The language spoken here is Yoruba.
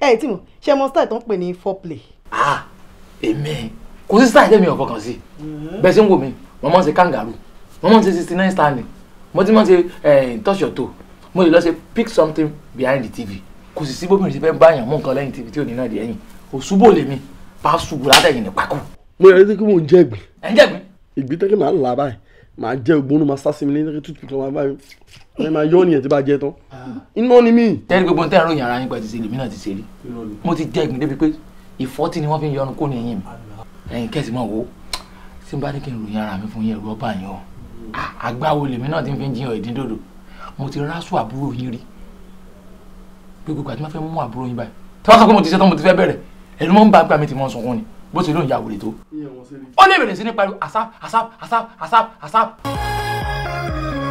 ẹ ti mọ̀ ṣe mọ style tó ń pè ní foreplay. ah èmi kò sí style tẹ̀mí ọ̀fọ̀kàn sí mm-hmm. bẹ́ẹ̀ ṣe ń wò mí mo máa ń ṣe kangaroo mo máa ń ṣe sixty nine standing mo ti máa ṣe eh, touch your toe mo lè lọ ṣe pick something behind the tv kò sì sí bómi ìṣẹ́fẹ́ bá yàn mú nǹkan lẹ́yìn tv tí ò ní náà di ẹ̀yìn òṣùbò lèmi bá ṣubú látẹ̀yìn ní pákó. mo yẹ kí mo jẹ ìgbín. ẹ ń jẹ ìgbín. ìgbín tẹ́lẹ̀ máa ń là báyìí màá jẹ ògbónú màá sá sí mi lẹ́yìn tútù kan máa bá mi ẹ máa yọ nìyẹn tí bá jẹ tán ah. iná ni mí. tẹ́lẹ̀ gbogbo ń tẹ́ àròyìn ara yín gba ti ṣe lèmi náà ti ṣe rí mo ti jẹ́ ìgbín débi pé ìfọ́tí ni wọ́n fi ń yọrun kó ní ẹ̀yìn mi ẹ̀yìn kẹ́sì máa wo tí n bá ní kí n ròyìn ara mi fún yín ẹ̀rù ọba yín o mm. ah, àgbáwo lèmi náà ti fi ń jiyàn ìdín dòdò mo ti rásù àbúrò yín rí gbogbo àti má fẹ́ mú àbúrò yín báyìí tí wọ́n sọ pé mo ti bó ṣe lóun ya wèrè tó ó lè bẹ̀rẹ̀ sí ní pariwo asap asap asap asap asap.